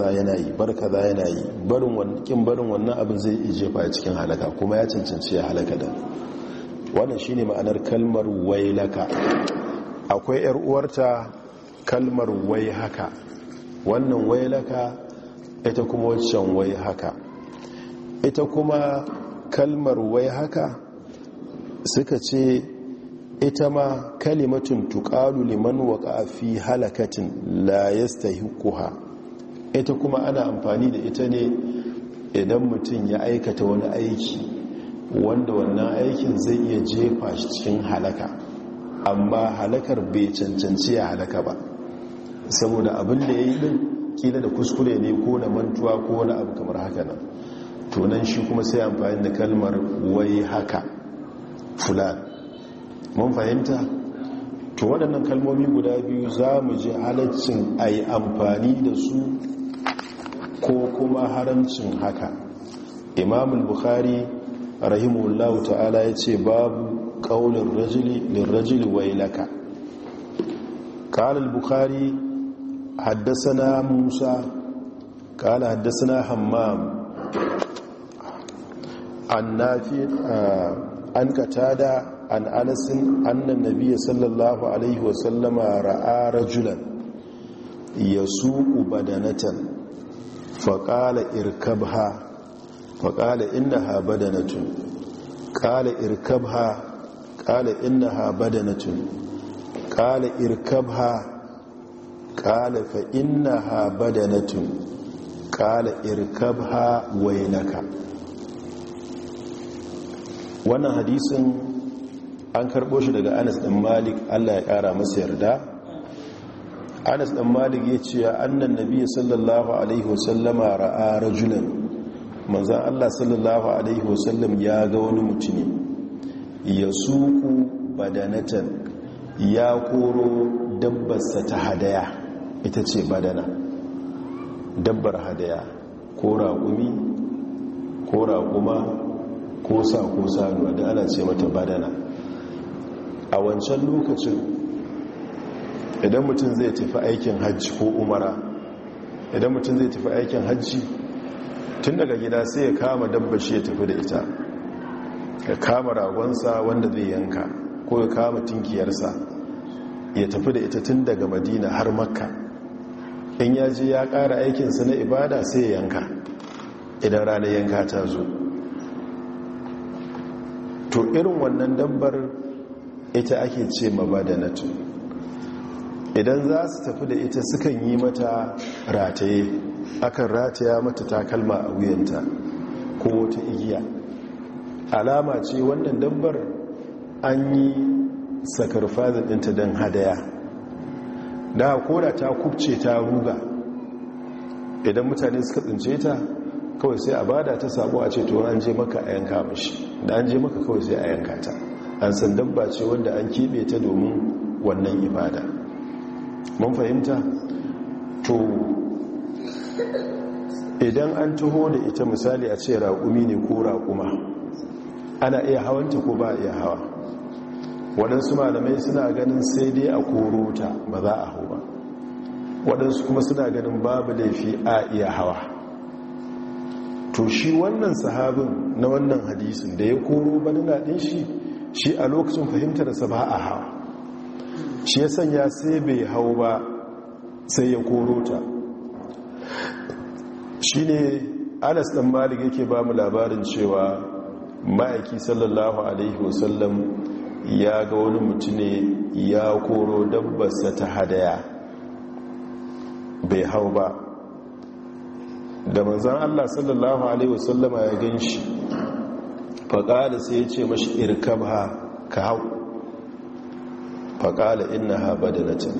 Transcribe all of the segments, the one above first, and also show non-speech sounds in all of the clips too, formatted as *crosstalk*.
za yana yi bar kaza yana yi barin barin wannan abin zai iya jefa a cikin halaka kuma ya cancanci ya halaka da wannan shine ma'anar kalmar wailaka akwai yar uwarta kalmar haka, wannan wailaka ita kuma waccan haka. ita kuma kalmar haka suka ce ita ma kalimatun tuqalu liman waqa fi halakatin la yastahiquha ita kuma ana amfani da ita ne idan mutum ya aikata wani aiki wanda wannan aikin zai iya jefa shi cikin halaka amma halakar bai cancanci ya halaka ba saboda abin da ya yi din kila da kuskure ne ko da mantuwa ko wani abu kamar haka nan tunan shi kuma sai amfani da kalmar wai haka fulan mun fahimta to waɗannan kalmomi guda biyu za mu ji halaccin a yi amfani da su ko kuma haramcin haka imamul bukhari rahimullahu ta'ala ya ce babu ƙaunin lirrajili wailaka ƙalil bukhari haddasa musa ƙala haddasa na hammam an nafi ah, an katada an anasin annan nabiya sallallahu alaihi wasallama ra'a rajulan ya suku badanatan faƙala irkabha faƙala innaha badanatun ƙala irkabha ƙala innaha badanatun ƙala irkabha ƙala fa innaha badanatun ƙala ha wainaka wannan hadisin an karɓo shi daga anas ɗin malik allah ya ƙara masa yarda anas dan malik ya ce annan nabi sallallahu alaihi wasallama ra'a rajulan manzan allah sallallahu alaihi wasallam ya ga wani mutune ya suku badanatan ya koro dabbar sa ta hadaya ita ce badana dabbar hadaya ko raƙumi ko raƙuma ko sa ko sanuwa da ana ce mata badana a wancan lokacin idan mutum zai tafi aikin hajji ko umara idan mutum zai tafi aikin hajji tun daga gida sai ya kama dabba shi ya tafi da ita ya kama ragonsa wanda zai yanka ko ya kama tinkiyarsa ya tafi da ita tun daga madina har makka in ya je ya kara aikinsa na ibada sai ya yanka idan ranar yanka ta zo to irin wannan dabbar ita ake ce mabadanatu idan za su tafi da ita sukan yi mata rataye akan rataya mata takalma a wuyanta ko wata igiya alama ce wannan dabbar an yi sakarfazin ɗinta don hadaya da koda ta kubce ta ruga idan mutane suka tsince ta kawai sai a bada ta sabo a ce to an je maka a yanka mashi da an je maka kawai sai a yanka ta an san dabba ce wanda an keɓe ta domin wannan ibada mun fahimta to idan an taho da ita misali a ce raƙumi ne ko raƙuma ana iya hawanta ko ba iya hawa waɗansu malamai suna ganin sai dai a korota ba za a hau ba waɗansu kuma suna ganin babu laifi a iya hawa to shi wannan sahabin na wannan hadisin da ya koro ba nuna ɗin shi shi a lokacin fahimtar sa ba a hawa shi ya sanya sai bai hau ba sai ya koro ta shi ne anas ɗan malik yake ba mu labarin cewa ma'aiki sallallahu alaihi wasallam ya ga wani mutum ne ya koro dabbarsa ta hadaya bai hau ba da manzan allah sallallahu alaihi wasallama ya gan shi faƙa da sai ya ce mashi irkab ka hau faƙala ina haɓa da na can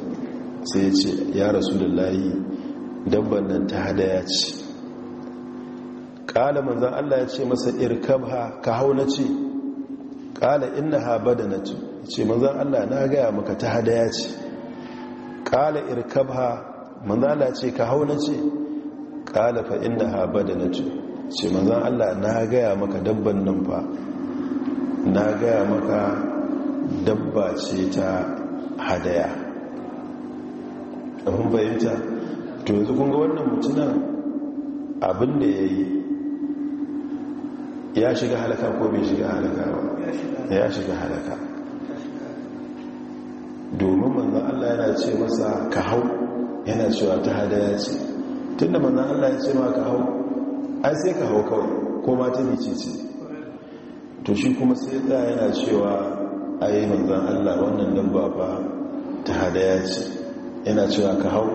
sai ya ce ya rasu da layi dabban nan ta hadaya ce ƙala manzan allah ya ce masa irkabha ka hau na ce ƙala ina haɓa da na nata ce manzan allah na gaya maka ta hadaya ce ƙala irkabha manzan allah ce ka hau na ce ƙala fa ina haɓa da na nata ce manzan allah na gaya maka dabban nan fa na gaya maka dabba ce ta hadaya abin fahimta to yanzu kunga wannan mutuna abin da ya yi ya shiga halaka ko bai shiga halaka ba ya shiga halaka domin manzan Allah yana ce masa ka hau yana cewa ta hadaya ce tun da manzan Allah ya ce ma ka hau ai sai ka hau kawai ko ma ta nice ce to shi kuma sai da yana cewa ai manzan Allah wannan nan ba ba ta ya ce yana cewa ka hau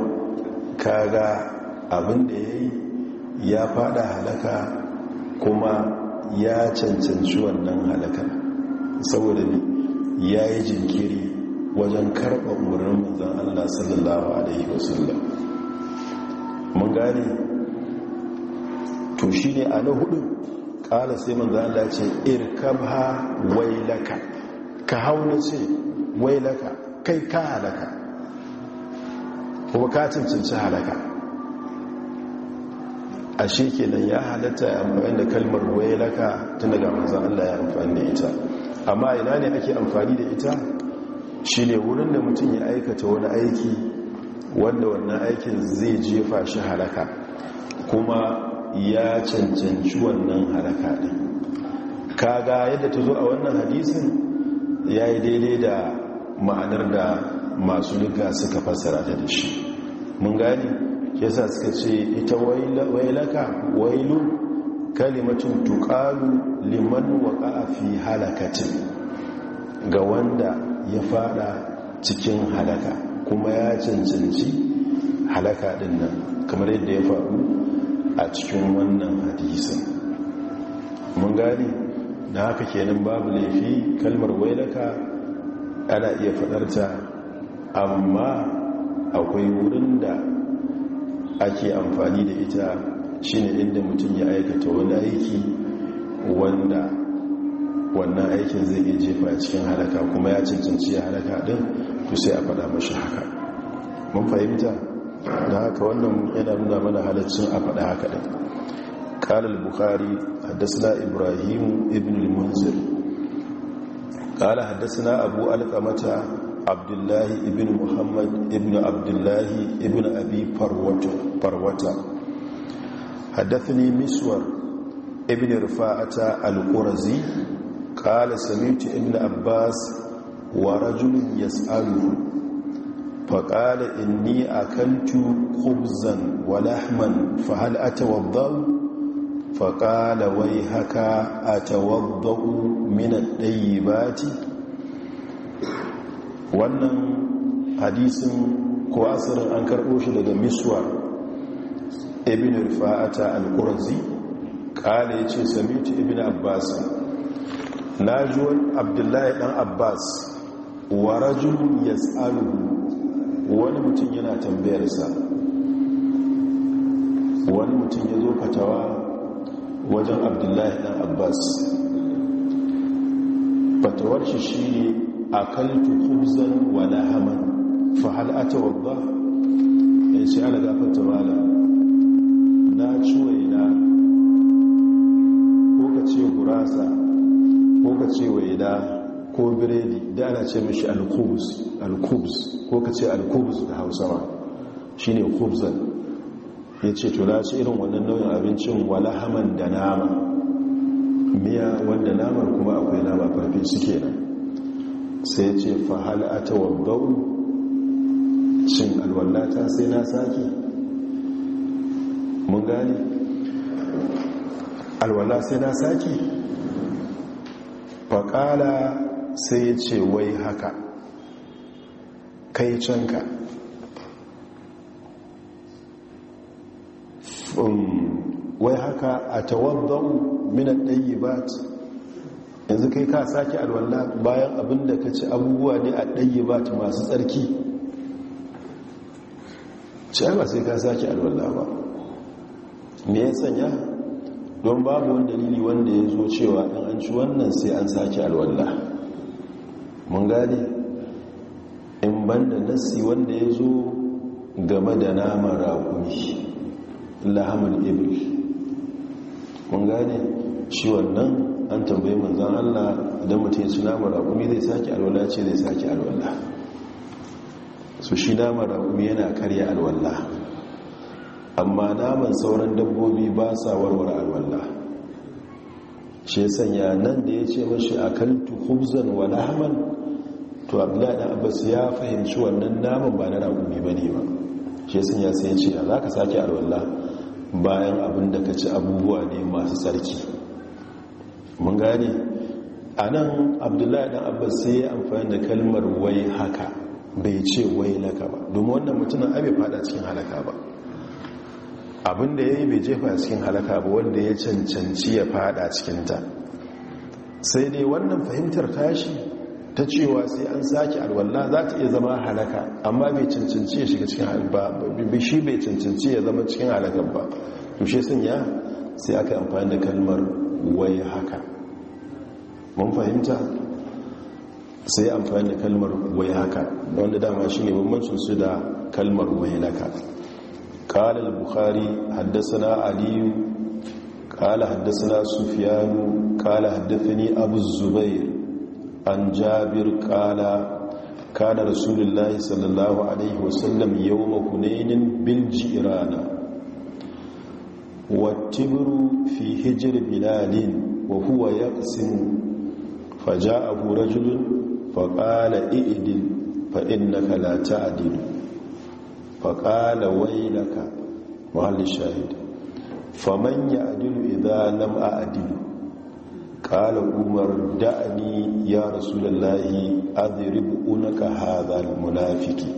kaga abin da ya yi ya fada halaka kuma ya cancanci wannan halaka saboda ne ya yi jinkiri wajen karɓa umarnin manzan Allah sallallahu Alaihi wasallam mun gane to shi ne a na hudu ƙala sai manzan Allah ce irkabha wailaka ka hau na ce wailaka kai ka halaka kuma ka cincinci halaka a shi kenan ya halatta ya amfani da kalmar laka tun daga manzan Allah ya amfani da ita amma ina ne ake amfani da ita shi ne wurin da mutum ya aikata wani aiki wanda wannan aikin zai jefa shi halaka kuma ya cancanci wannan halaka ɗin kaga yadda ta zo a wannan hadisin ya yi daidai da ma'anar da masu riga suka fassara ta da shi mun gani yasa suka ce ita wailaka wailu kalimatin tuƙalu liman waƙa fi halakacin ga wanda ya fada cikin halaka kuma ya cancanci halaka din nan kamar yadda ya faru a cikin wannan hadisin mun gani da haka kenan babu laifi kalmar wailaka ana iya fadarta amma akwai wurin da ake amfani da ita shi shine inda mutum ya aikata wani aiki wanda wannan aikin zai iya jefa cikin halaka kuma ya cancanci ya halaka din to sai a faɗa mashi haka mun fahimta da haka wannan yana nuna mana halaccin a faɗa haka din bukari البخاري حدثنا ibrahimu Ibn المنزل قال حدثنا أبو ألقمة عبد الله ابن محمد ابن عبد الله ابن أبي فروة حدثني مسور ابن رفاعة القرزي قال سمعت ابن عباس ورجل يسأله فقال إني أكلت خبزا ولحما فهل أتوضأ faƙala wai haka a tawadda'u minan ɗayi wannan hadisin ko asirin an karɓo shi daga Miswa. ibn rufa'ata al-qurzi Kale ya ce samitu ibn abbas na ji wani abdullahi ɗan abbas wa ya yas'aluhu wani mutum yana tambayarsa wani mutum ya zo fatawa wajen abdullahi dan abbas fatawar shi shi ne a kan kubzan wa lahaman fahal a ba ya eh, ce ana gafar tabala na na, ko ka ce gurasa ko ka ce na ko biredi da ana ce mashi alkubus ko ka ce alkubus da hausawa shi ne kubzan ya ce to su irin wannan nau'in abincin wala haman da nama miya wanda namar kuma akwai nama farfe suke nan sai ya ce fahala a tawabbau shin alwallata sai na sake mun gani alwala sai na sake fakala sai ya ce wai haka kai canka Um, wai haka a tawaddau min ba ta, yanzu kai ka sake alwallah bayan abinda ka ci abubuwa ne a ba ta masu tsarki ci ba sai ka sake alwallah ba me ya sanya don babu wani dalili wanda ya zo cewa in an ci wannan sai an sake alwallah mun gane in banda nassi wanda ya zo game da naman raƙumi lahamar ibil kun gane shi wannan an tambaye manzan allah idan mutum su ci namar raƙumi zai sake alwala ce zai sake alwala su shi namar raƙumi yana karya alwala amma naman sauran dabbobi ba sa warware alwala shi sanya nan da ya ce mashi a kaltu hubzan wa lahaman to abdullahi da abbas ya fahimci wannan naman ba na rakumi ba ne ba shi sanya sai ya ce za ka sake alwala bayan abin da ka ci abubuwa ne masu tsarki mun gane a nan abdullahi dan abbas sai ya amfani da kalmar wai haka bai ce wai laka ba domin wannan mutumin abin fada cikin halaka ba abin da ya yi bai jefa cikin halaka ba wanda ya cancanci ya fada cikinta sai dai wannan fahimtar tashi ta cewa sai an sake alwallah za ta iya zama halaka amma bai cancanci ya shiga cikin halba shi bai cancanci ya zama cikin halakar ba tushe sun ya sai aka amfani da kalmar wai haka mun fahimta sai amfani da kalmar wai haka wanda dama shi ne bambancin su da kalmar wai laka قال البخاري حدثنا علي قال حدثنا kala قال حدثني abu zubairu an jabir kala kana rasulullahi sallallahu alaihi wasallam yau mahunainin bin jirana wattibiru fi hijir bilalin wa huwa ya ƙasimu faja abu rajulun faƙala i'idin fa'in na kalata adilu faƙala wailaka mahallin shahid faman ya adilu idan lam a adilu kala umar da'ani ya rasulallahi azrib unaka hadha munafiki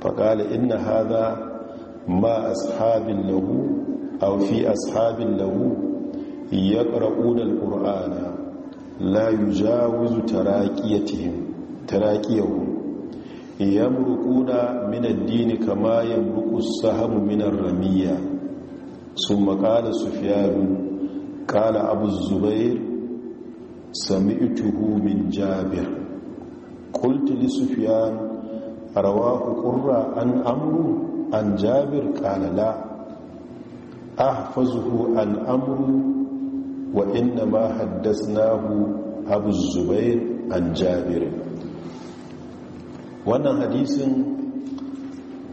faƙala inna haza ma ashabin lahu aw fi ashabin lahu yaqra'una alqur'ana la yujawizu taraqiyatihim taraqiyahum yamruquna min minan dini kama ya as-sahmu min ar-ramiyya thumma qala kala abu zubair sami'tuhu min jabir qultu li sufyan rawahu qurra an amru an jabir qala la ahfazuhu an amru wa inna ma haddathnahu abu zubair an jabir wannan hadisin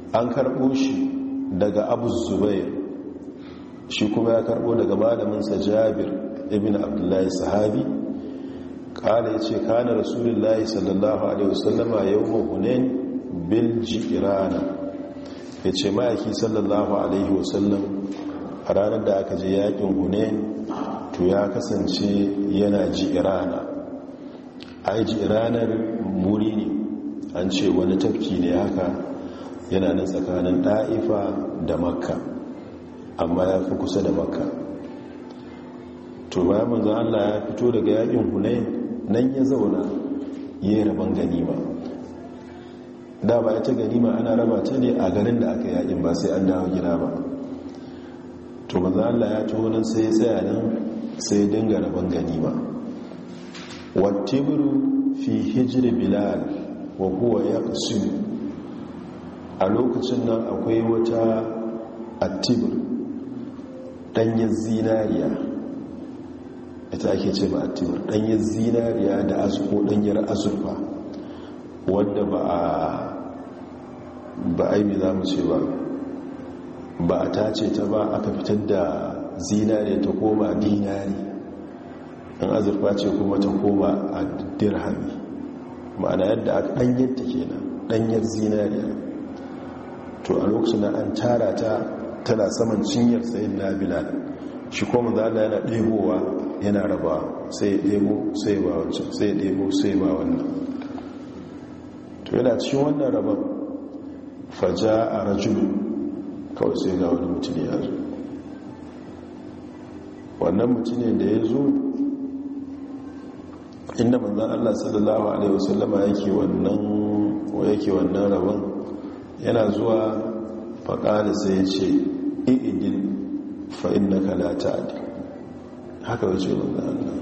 an karɓo shi daga abu zubair shi kuma ya karbo daga malaminsa jabir ibn abdullahi sahabi kala yace, ce kana rasulullahi sallallahu alaihi wasallama yawon hunain bil jirana ya ce ma'aiki sallallahu alaihi wasallam a ranar da aka je yakin hunain to ya kasance yana jirana ai jiranar muri ne an ce wani tafki ne haka yana na tsakanin ɗa'ifa da makka amma ya fi kusa da maka. to bayan manzo allah ya fito daga yakin hunayen nan ya zauna ya yi rabon ganima da ba ya ce ganima ana raba ta ne a garin da aka yakin ba sai an dawo gida ba to manzo allah ya ci nan sai ya tsaya nan sai dinga rabon ganima wattiburu fi hijir bilal wa huwa ya a lokacin nan akwai wata attibur danyen zinariya ita ake ce ba attimar ɗanyar zinariya da ko ɗanyar azurfa wadda ba a ba aimi za mu ce ba ba a tace ta ba aka fitar da zinariya ta koma dinari an azurfa ce kuma ta koma a dirhami ma'ana yadda aka ɗanyar ta kenan ɗanyar zinariya to a lokacin da an tara ta tana saman cinyar sayin na bilal shi kuma da Allah yana ɗebowa yana raba sai ya ɗebo sai ba wancan sai ya ɗebo sai ba wannan to yana cikin wannan rabar faja a rajulu kawai sai ga wani mutum ya zo wannan mutum ne da ya zo inda manzan Allah sallallahu Alaihi wasallama yake wannan rabon yana zuwa faƙari sai ce i'idin fa'in na kalata adi haka wace wanda allah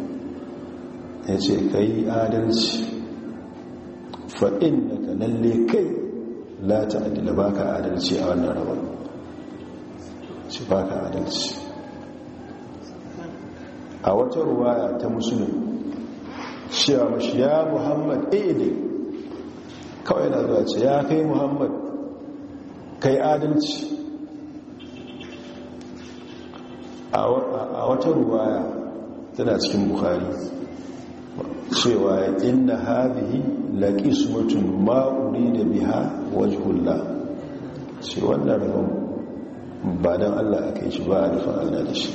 ya ce ka yi adalci fa'in na lalle kai lata da ba ka adalci a wannan rabon, ci ba ka adalci a wata ruwaya ta musulun a mashi ya muhammad ne kawai na zuwa ce ya kai muhammad kai adalci a wata ruwaya tana cikin bukari cewa inna hadhihi laqismatun ma urida biha wajhullah ce wannan rabon ba dan Allah akai shi ba alfa Allah da shi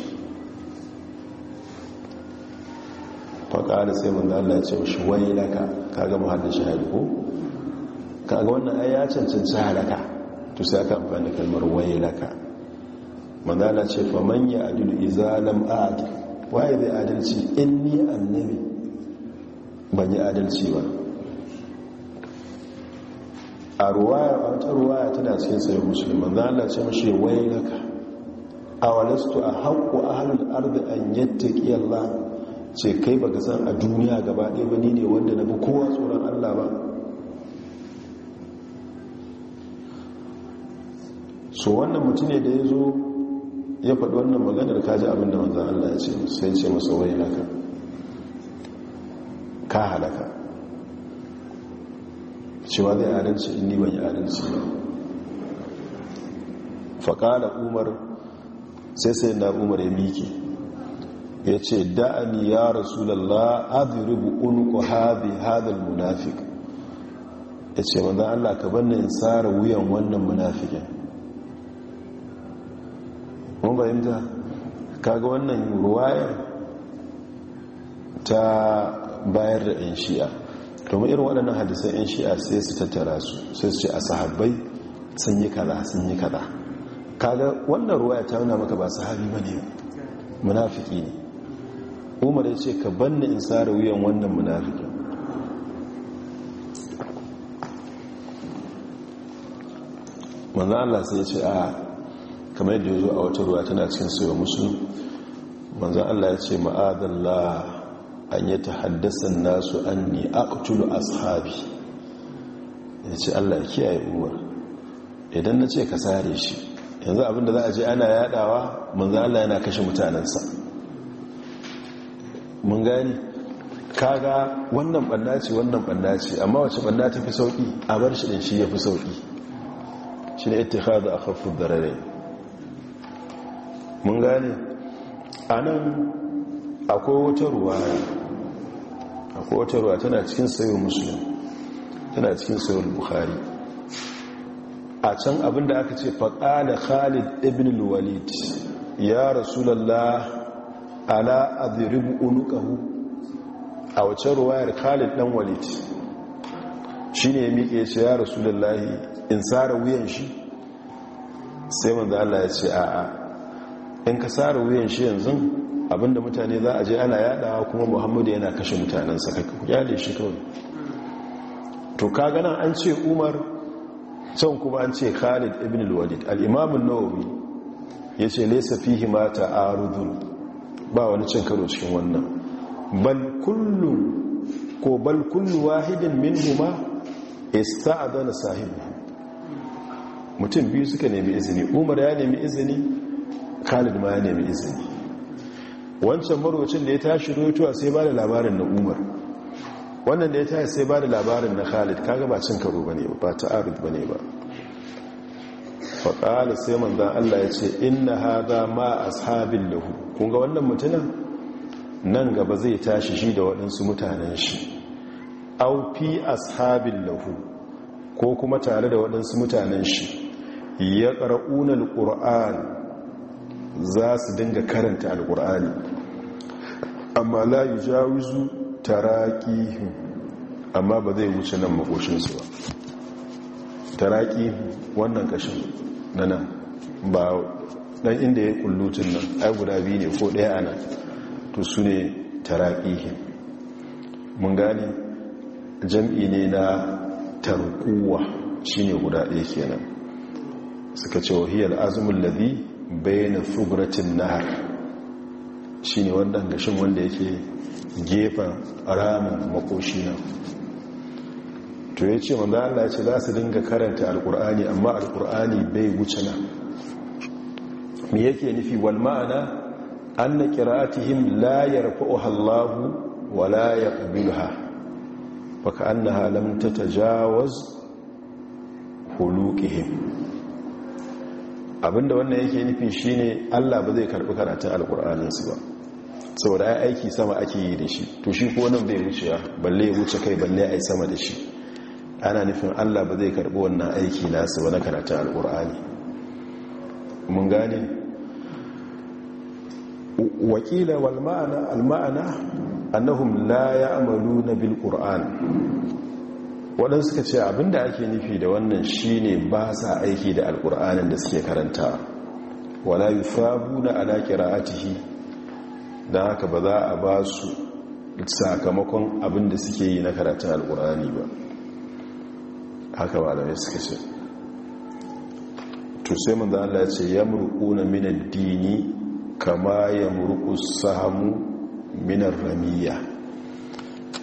faƙari sai mun da Allah ya ce shi wani laka kaga muhaddin shahadi ko kaga wannan ai ya cancanci halaka to sai aka amfani da kalmar waye laka manzala ce fa manya adilu izalam a'ad waye zai adalci in ni annabi ban yi adalci ba a ruwaya wata ruwaya tana cikin sai musulman zala ce mashi waye laka a walastu a haƙo a halin arzi an yadda ƙiyalla ce kai ba ga san a duniya gaba ɗaya ba ne wanda na bi kowa tsoron allah ba so wannan mutum ne da ya zo ya faɗi wannan maganar kaji abin da manzan Allah ya ce sai ce masa wai laka ka halaka cewa zai adalci in ni ban yi adalci ba faƙala umar sai sai na umar ya miki ya ce da'ani ya rasulallah adribu unku haɗe haɗin munafik ya ce manzan Allah ka banna in tsara wuyan wannan munafikin mun fahimta kaga wannan ruwayar ta bayar da 'yan shi'a domin irin waɗannan hadisai 'yan shi'a sai su tattara su sai su ce a sahabbai sun yi kaza sun yi kaza kaga wannan ruwaya ta nuna maka ba sahabi ba ne munafiki ne umar ya ce ka banna in sare wuyan wannan munafiki manzan Allah sai ce a kamar yadda ya zo a wata ruwa tana cikin sayo musu manzan allah ya ce ma'adalla an yi ta haddasa nasu an ni aqtulu ashabi ya ce allah kiyaye uwa idan na ce ka sare shi yanzu abinda za a je ana yadawa manzan allah yana kashe mutanensa mun gani kaga wannan banda ce wannan banna ce amma wace banda ta fi sauki a bar shi din shi ya fi sauki shi ne ita za a kafin da mun gane a nan akwai wata ruwa akwai wata ruwa tana cikin sayo musulun tana cikin sayo bukhari a can abinda aka ce da khalid ibn walid ya rasulallah ala adhribu unukahu a wace ruwayar khalid dan walid shine ya miƙe ce ya rasulallah in tsara wuyan shi sai wanda Allah ya ce a'a in ka sare wuyan shi yanzu abinda mutane za a je ana yadawa kuma muhammadu yana kashe mutanensa ka da shi kawai to ka gana an ce umar can kuma an ce khalid ibn al-walid al'imamin nawawi ya ce laisa fihi ma rudun ba wani cin karo cikin wannan bal kullu ko bal kullu ista minhuma ista'adana mutum biyu suka nemi izini umar ya nemi izini khalid ma ya nemi izini wancan marwacin da ya tashi rotuwa sai ba da labarin na umar wannan da ya tashi sai ba da labarin na khalid kaga ba cin karo ne ba ta bane ba faƙala sai manzan allah ya ce inna haza ma ashabin lahu kun ga wannan mutumin nan gaba zai tashi shi da waɗansu mutanen shi au fi ashabin lahu ko kuma tare da waɗansu mutanen shi ya ƙar'unar ƙura'an za su dinga karanta alkur'ani amma la yi jawizu taraƙihin amma ba zai wuce nan makoshinsu ba taraƙi wannan ƙashin na nan ba dan inda ya kullutun nan ai guda biyu ne ko ɗaya ana to su ne taraƙihin mun gani jam'i ne na tarkuwa shi ne guda ɗaya kenan suka ce wahiyar azumin labi bayan subratin nahar shi ne wannan gashin wanda yake gefen ramin makoshi nan to ya ce wanda allah ce za su dinga karanta alkur'ani amma alkur'ani bai wuce na. me yake nufi wal ma'ana an na kiratihim layar yarfa'uha allahu wa baka an na halamta ta jawaz huluqihim abinda wannan yake nufi shine Allah ba zai karbi karatun alkur'anin su ba saboda ai aiki sama ake yi da shi to shi ko nan bai wuce balle ya wuce kai balle ai sama da shi ana nufin Allah ba zai karbi wannan aiki nasu ba na karatun alkur'ani mun gane wakila wal ma'ana al ma'ana annahum la ya'maluna bil qur'an waɗansu suka ce abinda ake nufi da wannan shine ba sa aiki da alƙur'anin da suke karanta wala alaƙira a cihi dan haka ba za a ba su sakamakon abinda suke yi na karatun alƙur'ani ba haka ba ya suka ce to sai Allah ya ce na minar dini kama ya murku sahmu minar ar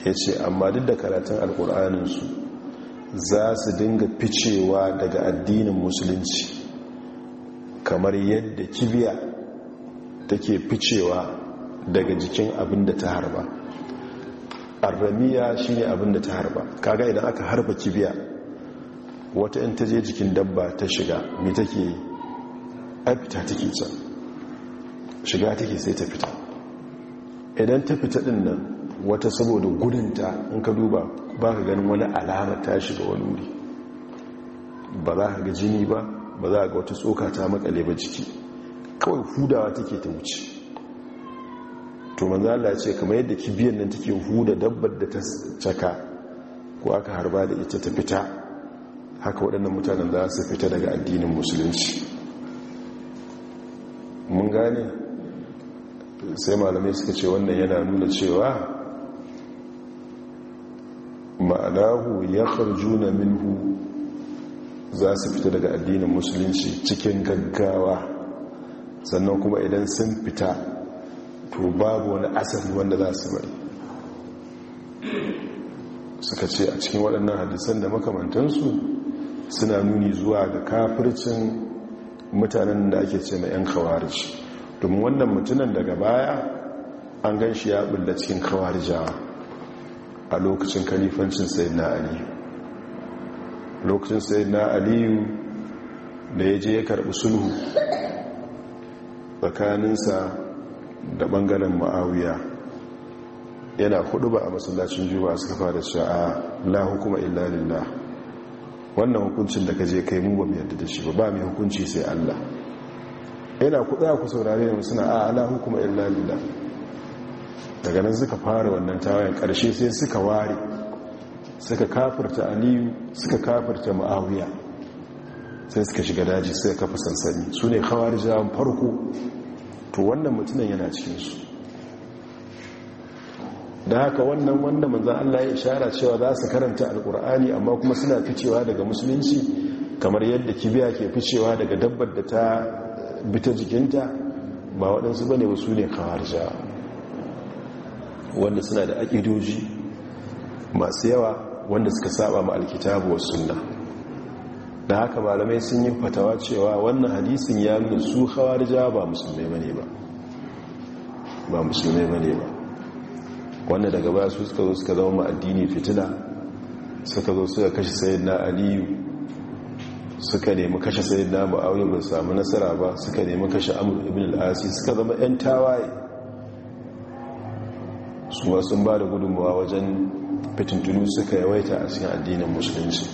ya ce amma duk da karatun alkur'aninsu za su dinga ficewa daga addinin musulunci kamar yadda kibiya take ficewa daga jikin abin da ta harba arramiya ne abin da ta harba kaga idan aka harba kibiya wata in ta je jikin dabba ta shiga me take yi fita take can shiga take sai ta fita idan ta fita din nan wata saboda gudunta in ka duba ba ka ganin wani alama ta shiga wani wuri ba za ka ga jini ba ba za ka ga wata tsoka ta makale ba jiki kawai hudawa take ta wuce to manzo Allah ce kamar yadda kibiyan nan take huda dabbar da ta caka ko aka harba da ita ta fita haka waɗannan mutanen za su fita daga addinin musulunci mun gane sai malamai suka ce wannan yana nuna cewa ma'anahu ya farjuna minhu za su fita daga addinin musulunci cikin gaggawa sannan kuma idan sun fita to babu wani asali wanda za su bari suka ce a cikin waɗannan hadisan da makamantansu suna nuni zuwa ga kafircin mutanen da ake ce na 'yan kawarici domin wannan mutunan daga baya an gan shi ya bulla cikin kawarijawa a lokacin kalifancin sayyidina aliyu lokacin sayyidina aliyu da ya je ya karɓi sulhu tsakaninsa da bangaren ma'awiya yana hudu ba a masallacin juwa suka fara sha'a lahu hukuma illa wannan hukuncin da ka je kai mu yadda da shi ba ba mai hukunci sai Allah yana kuɗa ku saurari suna a la hukuma illa daga nan suka fara wannan tawayen karshe sai suka ware suka kafirta aliyu suka kafirta ma'awiya sai suka shiga daji suka kafa sansani su ne kawar jawon farko to wannan mutunan yana cikinsu da haka wannan wanda manzan Allah ya ishara cewa za su karanta alkur'ani amma kuma suna ficewa daga musulunci kamar yadda kibiya ke ficewa daga dabbar da ta bita jikinta ba waɗansu ba ne ba su ne kawar jawon wanda suna da aƙidoji masu yawa wanda suka saba ma alkitabu wa sunna da haka malamai sun yi fatawa cewa wannan hadisin ya nuna su jawa ba musulmai mane ba ba musulmai mane ba wanda daga baya su suka zo suka zama addini fitila suka zo suka kashe na aliyu suka nemi kashe na mu'awiya ba samu nasara ba suka nemi kashe amur ibn al-asi suka zama yan tawaye kuma sun ba da gudunmawa wajen fitintunu suka yawaita a cikin addinin musulunci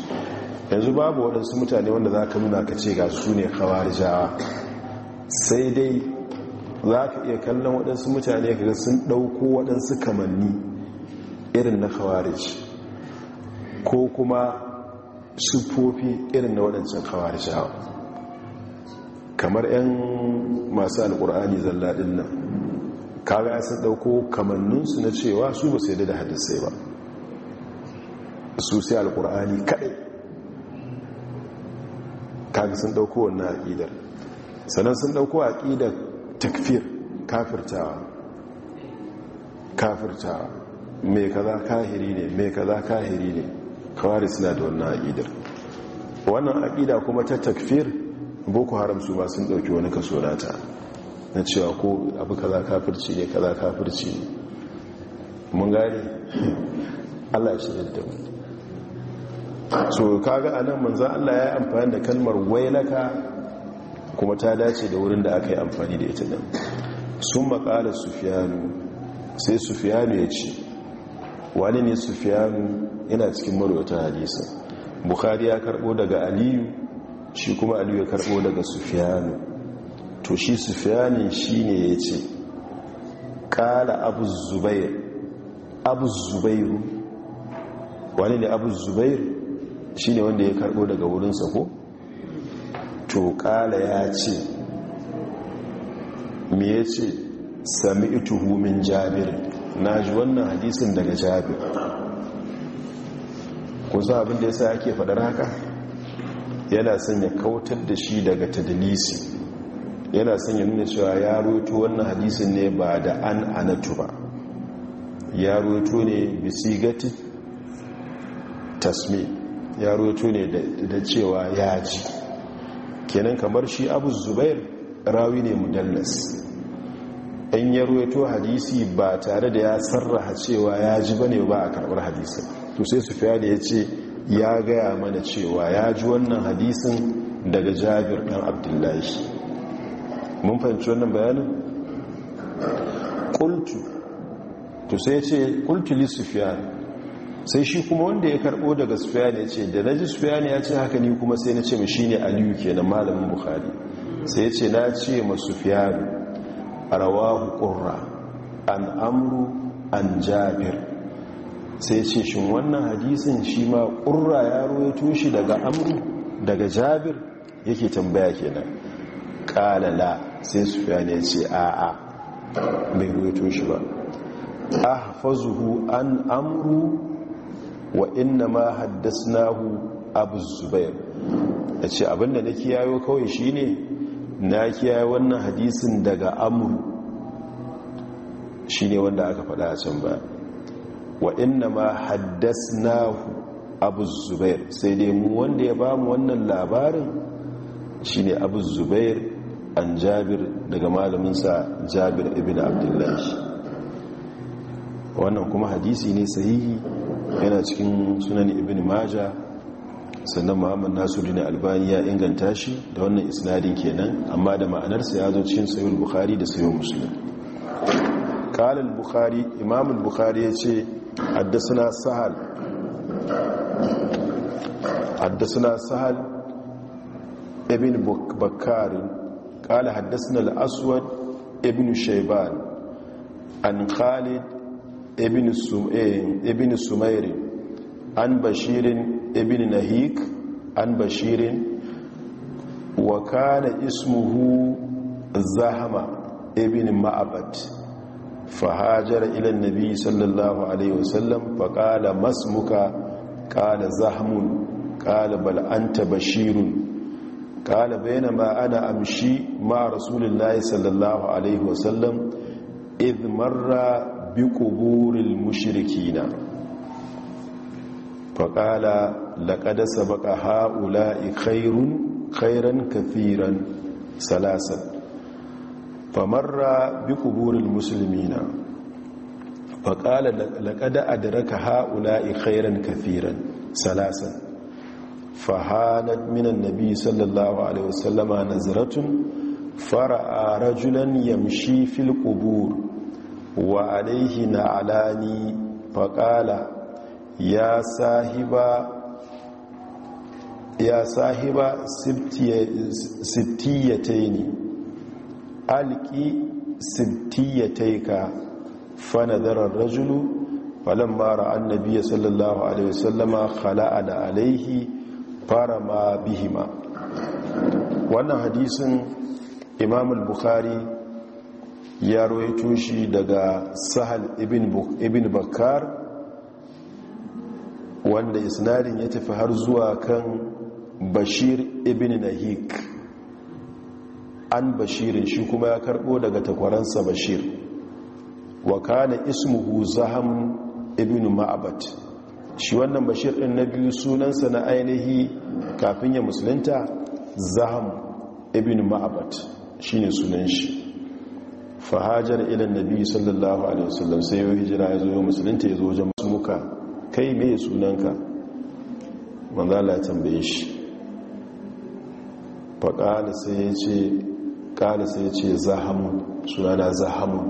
yanzu babu waɗansu mutane wanda za ka nuna ka ce ga su ne kawarijawa sai dai za ka iya kallon waɗansu mutane kaga sun ɗauko waɗansu kamanni irin na kawarij ko kuma siffofi irin na waɗancan kawarijawa kamar 'yan masu alƙur'ani zalladin nan kaga ya sun ɗauko kamanninsu na cewa su ba su da hadisai ba su sai alkur'ani kaɗai kaga sun ɗauko wannan aƙidar sannan sun ɗauko aƙidar takfir kafirtawa kafirtawa mai kaza kahiri ne mai kaza kahiri ne kawai suna da wannan aƙidar wannan aƙida kuma ta takfir boko haram su ba sun ɗauki wani kaso nata na cewa ko abu kaza kafirci ne kaza kafirci ne mun gane Allah ya da mu so kaga anan manzo Allah ya amfani da kalmar wailaka kuma ta dace da wurin da aka yi amfani da ita din sun makala sufiyanu sai sufiyanu ya ce wani ne sufiyanu yana cikin marwata hadisa bukhari ya karbo daga aliyu shi kuma aliyu ya karbo daga sufiyanu to shi sufiyanin shi ne ya ce ƙala abu zubair abu zubairu wani ne abu zubair shi ne wanda ya karɓo daga wurinsa ko to ƙala ya ce me ya ce sami ito min jabir na ji wannan hadisin daga jabir za abinda ya sa ake faɗar haka yana son ya kautar da shi daga tadilisi yana son ya nuna cewa ya roto wannan hadisun ne ba da an anatu ba ya roto ne bisigati tasmi ya roto ne da cewa ya ji kenan kamar shi abu zubair rawi ne mudallas in ya roto hadisi ba tare da ya sarraha cewa ya ji ba ne ba a karbar hadisun to sai su fiya da ya ce ya gaya mana cewa ya ji wannan hadisin daga jabir ɗan abdullahi mun fahimci wannan bayanin kultu to sai ce kultu lissufiyar sai shi kuma wanda ya karbo daga sufiyar ya ce da na ji sufiyar ya ce haka ni kuma sai na ce mashi ne aliyu kenan malamin bukhari sai ya ce na ce ma a rawahu ƙurra an amru an jabir sai ce shi wannan hadisin shi ma yaro ya rawaito daga amru daga jabir yake tambaya kenan qala sai ne ya ce a'a bai ruwaito shi ba a ahfazuhu an amru wa inna ma haddasnahu abu zubair ya ce abinda na kiyayo kawai shine na kiyayo wannan hadisin daga amru shine wanda aka faɗa a can ba wa inna ma haddasnahu abu zubair sai dai mu wanda ya bamu wannan labarin shine abu zubair an jabir daga malaminsa jabir ibn abdullahi wannan kuma hadisi ne sahihi yana cikin sunan ibn maja sannan muhammad nasiru ne albani ya inganta shi da wannan isnadin kenan amma da ma'anarsa ya zo cikin sayul bukhari da sayul muslim qala al-bukhari imam al-bukhari ce, haddathana sahal haddathana sahal ibn bakkar قال حدثنا الأسود ابن شيبان عن خالد ابن, ابن سمير عن بشير ابن نهيك عن بشير وكان اسمه زهمة ابن معبد فهاجر إلى النبي صلى الله عليه وسلم فقال ما اسمك قال زهم قال بل أنت بشير قال بينما أنا أمشي مع رسول الله صلى الله عليه وسلم إذ مر بقبور المشركين فقال لقد سبق هؤلاء خير خيرا كثيرا ثلاثا فمر بقبور المسلمين فقال لقد أدرك هؤلاء خيرا كثيرا ثلاثا fahanat minan nabi sallallahu alaihi wasallama nazaratun fara'a rajulan yamshi fil qubur wa alaihi na'alani faqala ya sahiba ya sahiba sittiyataini alki sittiyataika fa nadara ar-rajulu falamma ra'a an-nabiy sallallahu alaihi wasallama khala'a alaihi fara ma bihima wannan hadisin imam al-bukhari ya roye shi daga sahal ibn bakar wanda isnadin ya tafi har zuwa kan bashir ibn nahik an bashirin shi kuma ya karbo daga takwaransa bashir wa kana ismuhu zaham ibn ma'abat shi wannan bashir ɗin na biyu sunansa na ainihi kafin ya musulunta zaham ibn ma'abat shi ne sunan shi fahajar ilan nabi sallallahu alaihi wasallam sai yau hijira ya zo musulunta ya zo wajen muka kai mai sunanka manzala ya tambaye shi faƙala sai ya ce ƙala sai ya ce zahamun sunana zahamun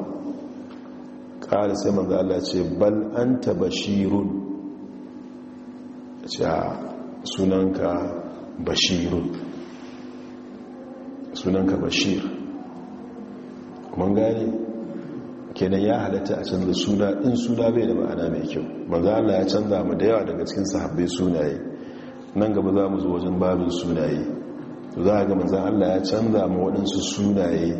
ƙala sai manzala ce bal an shirun cewa sunanka bashiru sunanka bashir mun gane kenan ya halatta a canza suna in suna bai da ma'ana mai kyau maza Allah ya canza mu da yawa daga cikin sahabbai sunaye nan gaba za mu zo wajen babin sunaye to za a ga maza Allah ya canza mu waɗansu sunaye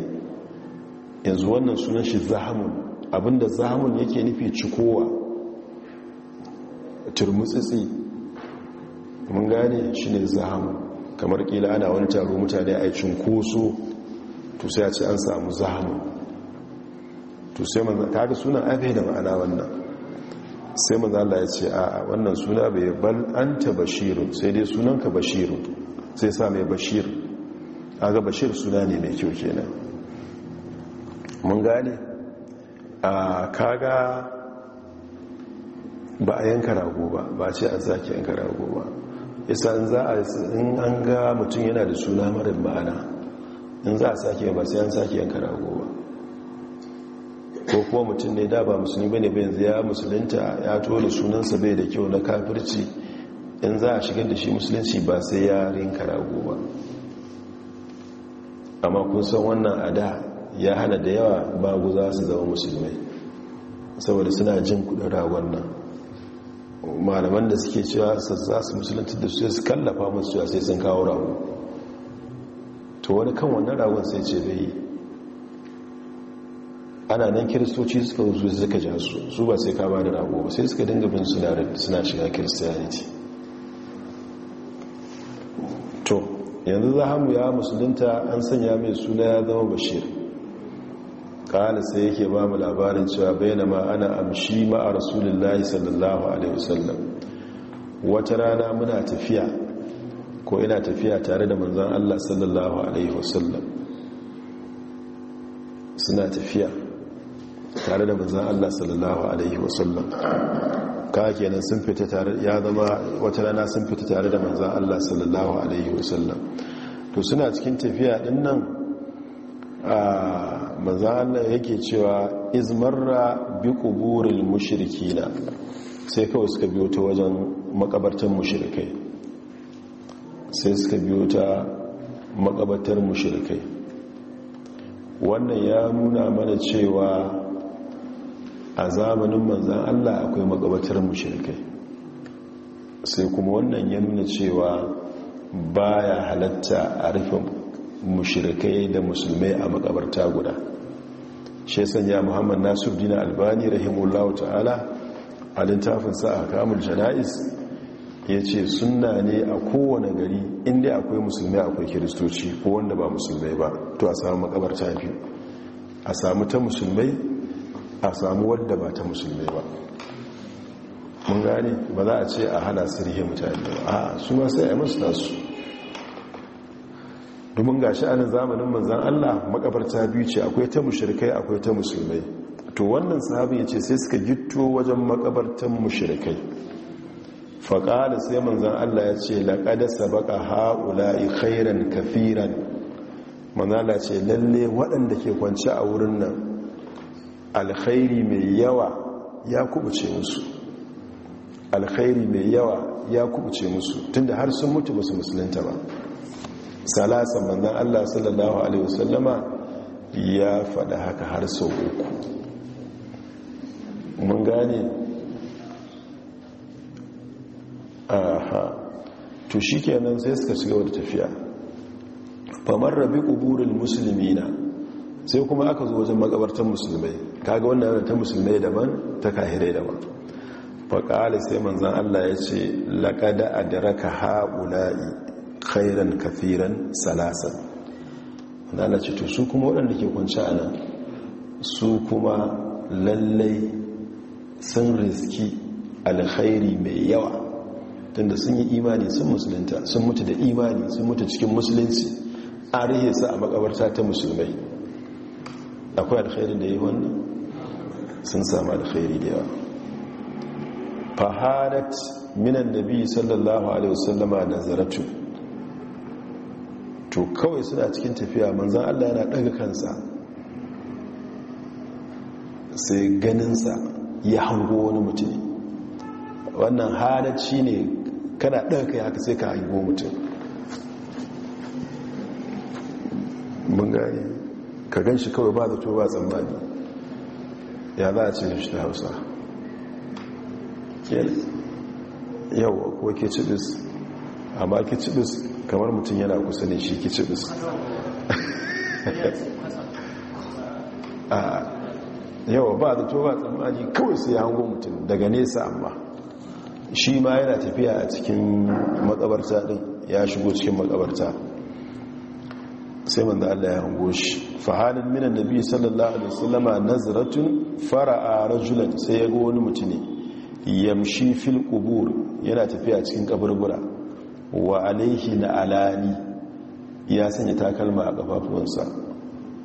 yanzu wannan sunan shi zahamun abinda zahamun yake nufi cikowa turmutsitsi mun gane shi ne zahamu kamar kila ana wani taro mutane a koso to sai a ce an samu zahamu to sai ta ga sunan abe da ma'ana wannan sai mazala ya ce a wannan suna bai bal an ta bashiru sai dai sunan ka bashiru sai sa mai bashir aga bashir suna ne mai kyau kenan mun gane a kaga ba a yanka rago ba ba ce a zaki yanka rago ba isa in za a in an ga mutum yana da suna marar ma'ana in za a sake ba sai an sake yanka rago ba ko kuma mutum ne da ba musulmi bane ba ziya ya musulunta ya tole sunansa bai da kyau na kafirci in za a shigar da shi musulunci ba sai ya rinka rago ba amma kun san wannan a da ya hana da yawa ba guza su zama musulmai saboda suna jin kudin ragon nan malaman da suke cewa za su musulunci da su su kallafa musu cewa sai sun kawo rago to wani kan wannan ragon sai ce bai yi ana nan kiristoci suka zo suka ja su su ba sai kama da rago ba sai suka dinga bin suna shiga kiristiyaniti to yanzu za zahamu ya musulunta an sanya mai suna ya zama bashir kala sai yake ba mu labarin cewa bai ma ana amshi ma'a rasulullahi sallallahu alaihi wasallam wata rana muna tafiya ko ina tafiya tare da manzan Allah sallallahu alaihi wasallam suna tafiya tare da manzan Allah sallallahu alaihi wasallam ka kenan sun fita tare ya zama wata rana sun fita tare da manzan Allah sallallahu alaihi wasallam to suna cikin tafiya din nan a ah, manzana yake cewa izmarra bi kuburil mushrikina sai kawai suka biyo ta wajen makabartar mushrikai sai suka biyo ta makabartar mushrikai wannan ya nuna mana cewa a zamanin manzan Allah akwai makabartar mushrikai sai kuma wannan ya nuna cewa baya halatta a rufe mushrikai da musulmai a makabarta guda shi sanya muhammad nasir dina albani rahimullahu ta'ala a littafinsa a kamun jana'is ya ce suna ne a kowane gari inda akwai musulmi akwai kiristoci ko wanda ba musulmai ba to a samu makabar biyu a samu ta musulmai a samu wadda ba ta musulmai ba mun gane ba za a ce a hana sirhe mutane ba a su ma sai a masu nasu domin ga shi sha'anin zamanin manzan Allah makabarta biyu ce akwai ta mushrikai akwai ta musulmai to wannan sahabin ya ce sai suka gito wajen makabartan mushrikai faƙada sai manzan Allah ya ce laƙada sabaka ha'ula'i khairan kafiran manzala ce lalle waɗanda ke kwanci a wurin nan alkhairi mai yawa ya kubuce musu alkhairi mai yawa ya kubuce musu tunda har sun mutu basu musulunta ba salasan manzan allah sallallahu alaihi wasallama ya faɗa haka har sau uku mun gane aha to shi kenan sai suka shiga wata tafiya famar rabi ƙuburin musulmi na sai kuma aka zo wajen makabartar musulmai kaga wannan ta musulmai daban ta kahirai daban faƙali sai manzan Allah ya ce laƙada a daraka ha'ula'i khairan kafiran salasa, da ana ce to su kuma waɗanda ke kwanci a nan su kuma lallai sun riski alkhairi mai yawa tunda sun yi imani sun musulunta sun mutu da imani sun mutu cikin musulunci an rihe su a makabarta ta musulmai akwai alkhairi da yi wannan sun samu alkhairi da yawa fahadat minan nabi sallallahu alaihi wasallama nazaratu to kawai suna cikin tafiya manzan Allah yana ɗaga kansa sai ganinsa ya hango wani mutum wannan halacci ne kana ɗaga kai haka sai ka hango mutum mun gani ka gan shi kawai ba da to ba tsammani ya za a ce shi ta hausa yau ko ke cibis amma ke cibis kamar mutum yana kusa ne shi kici bis *laughs* a ah, yawa ba da toba tsammani kawai sai ya hango mutum daga nesa amma shi ma yana tafiya a cikin makabarta din ya shigo cikin makabarta sai manzo Allah ya hango shi fahalin minan nabi sallallahu alaihi wasallama nazratun fara'a rajulan sai ya ga wani mutune yamshi fil qubur yana tafiya cikin kaburbura wa alaihi na alani ya sanya takalma a kafafuwansa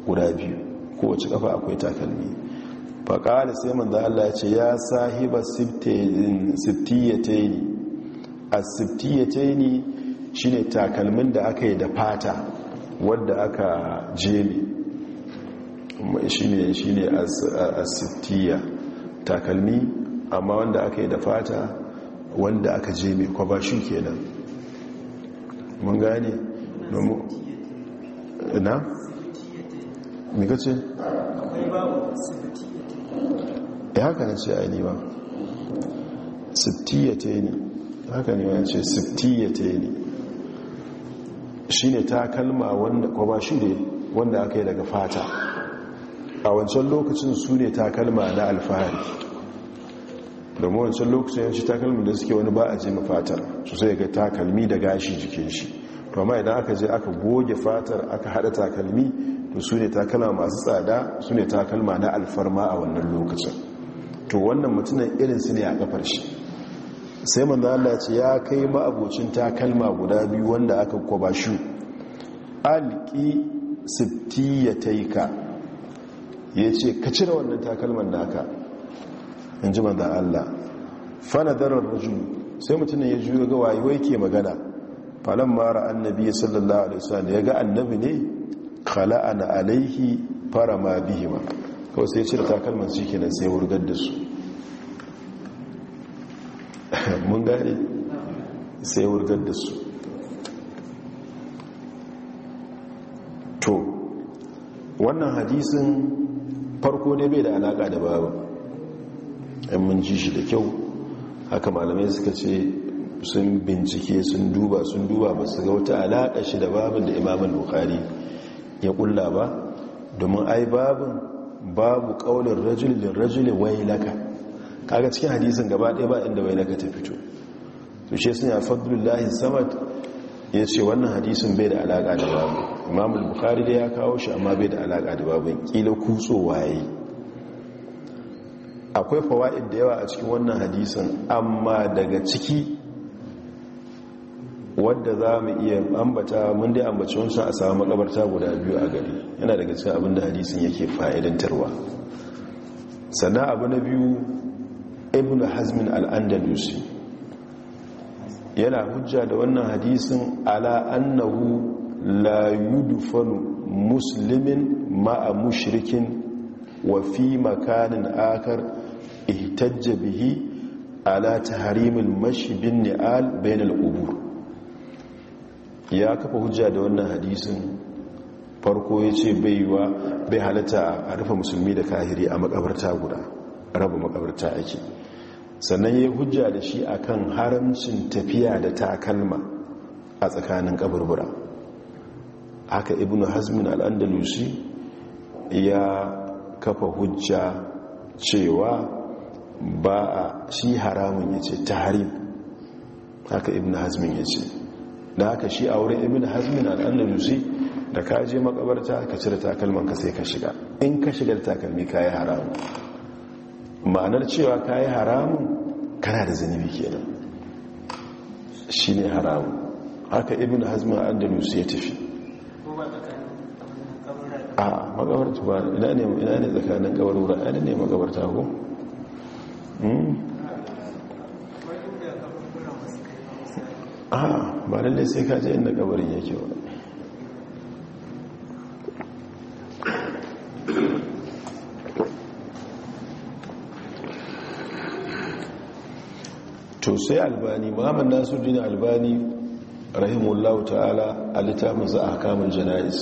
guda biyu ko wace kafa akwai takalmi faƙali sai manzan Allah ce ya sahiba siftiyataini a siftiyataini shi ne takalmin da aka yi da fata wadda aka jemi shi ne a siftiya takalmi amma wanda aka yi da fata wanda aka kwa kwaba shi kenan mun gane domin na? me ka ce? ya eh, haka na ce aini ba siftiyate ne haka ne wani ce siftiyate ne shi ne ta kalma wanda kwaba shi ne wanda aka yi daga fata a wancan lokacin su ne ta kalma na alfahari domin wancan lokacin yanci takalmi da suke wani ba a je mafatar su sai ga takalmi da gashi jikin shi to amma idan aka je aka goge fatar aka hada takalmi to su ne takalma masu tsada su ne takalma na alfarma a wannan lokacin to wannan mutumin irin su ne a kafar shi sai manzo Allah ce ya kai ma'abocin takalma guda biyu wanda aka kwaba shi alqi sittiyataika yace ka cire wannan takalman naka in ji manzan Allah Fana darar rajul sai mutumin ya juya, ga wai ke magana falon mara annabi sallallahu alaihi wasallam ya ga annabi ne na alaihi fara ma bihi ma." kawai sai ya cire takalman shi kenan sai wurgar da su *laughs* mun gane sai wurgar da su to wannan hadisin farko ne bai da alaka da babu yan mun ji shi da kyau haka malamai suka ce sun bincike sun duba sun duba ba su ga wata alaƙa shi da babin da imamun bukari ya ƙulla ba domin ai babin babu ƙaunar rajulun rajulun wai laka kaga cikin hadisin gaba ɗaya ba inda wai laka ta fito to shi sun ya fadlullahi samad ya ce wannan hadisin bai da alaƙa da babu imamul bukari da ya kawo shi amma bai da alaƙa da babu ƙila kutsowa ya yi akwai fawa'id da yawa a cikin wannan hadisin amma daga ciki wadda za mu iya ambata mun dai ambaci wancan a samu makabarta guda biyu a gari yana daga cikin abin da hadisin yake fa'idantarwa sannan abu na biyu ibn hazmin al'andalusi yana hujja da wannan hadisin ala annahu la yudfanu muslimin ma'a mushrikin wa fi makanin akar ihtajja bihi ala tahrimil mashi bin ni'al bainal qubur ya kafa hujja da wannan hadisin farko ya ce wa bai halatta a rufe musulmi da kahiri a makabarta guda raba makabarta ake sannan ya hujja da shi akan haramcin tafiya da takalma a tsakanin kaburbura haka ibn hazmin al'andalusi ya kafa hujja cewa ba a shi haramun ya ce taharim haka ibn hazmin ya ce da haka shi a wurin ibn hazmin al'andalusi da ka je makabarta ka cire ka sai ka shiga in ka shigar takalmi ka yi haramun ma'anar cewa ka yi haramun kana da zanibi kenan shi ne haramun haka ibn hazmin al'andalusi ya tafi a makabarta ba ina ne tsakanin kawar wura ne makabarta ko Hmm. a ba lalle sai ka je inda kabarin yake ba. to sai albani muhammad nasiruddin albani rahimullahu ta'ala a littafin za a kamun jana'is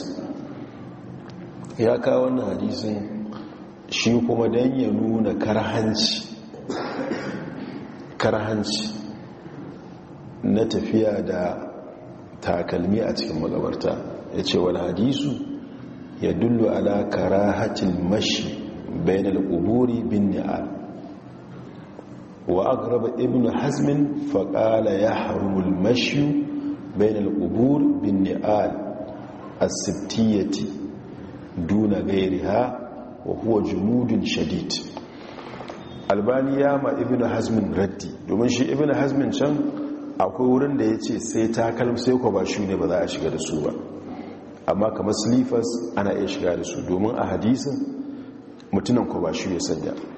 ya kawo wannan hadisin shi kuma don ya nuna karhanci karhanci na tafiya da takalmi a cikin magabarta ya ce wani hadisu ya dullu ala karahatil mashi bayan al'uburi bin ni'al wa agraba ibn hasmin faƙala ya harumul mashi bayan al'ubur bin ni'al a sittiyati duna gairiha wa huwa jumudin shadid albani ya ma ibn hasmin raddi domin shi ibn hasmin can akwai wurin da ya ce sai takalm sai kwabashu ne ba za a shiga da su ba amma kamar silifas ana iya shiga da su domin a hadisun mutunan kwabashu ya sanya